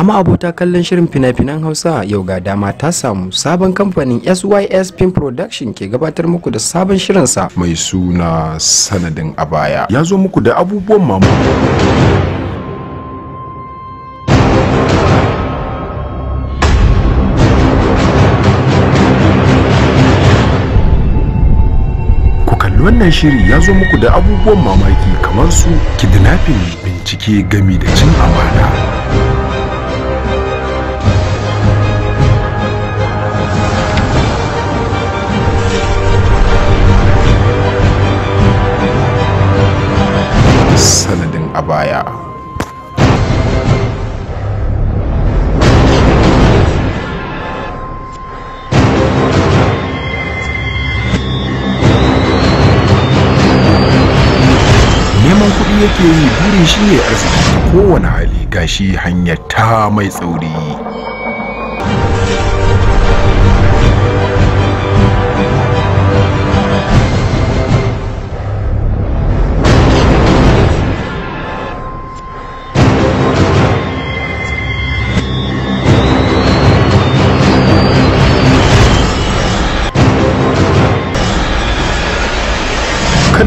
dama abota kallon shirin fina-finan Hausa yau ga dama ta samu sabon kamfanin SYS Film Production ke gabatar muku da sabon shirinsa mai suna sanadin a baya. Ya zo muku da abubuwan mamaki. wannan shiri ya zo muku da abubuwan mamaki kamar su kidnapping bincike gami da cin amana a baya neman kuɗi yake yi burin shi ne arziki kowane hali gashi hanyar ta mai tsauri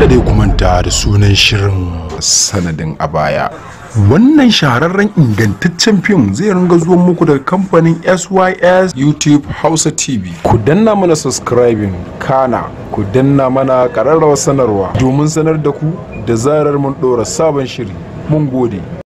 kada dai ku manta da sunan shirin sanadin a baya wannan shahararren ingantaccen fim zai ringa zuwa muku da kamfanin sys youtube hausa tv ku danna mana subscribing kana ku danna mana kararrawa sanarwa domin sanar da ku da zarar mun ɗora sabon shiri mun gode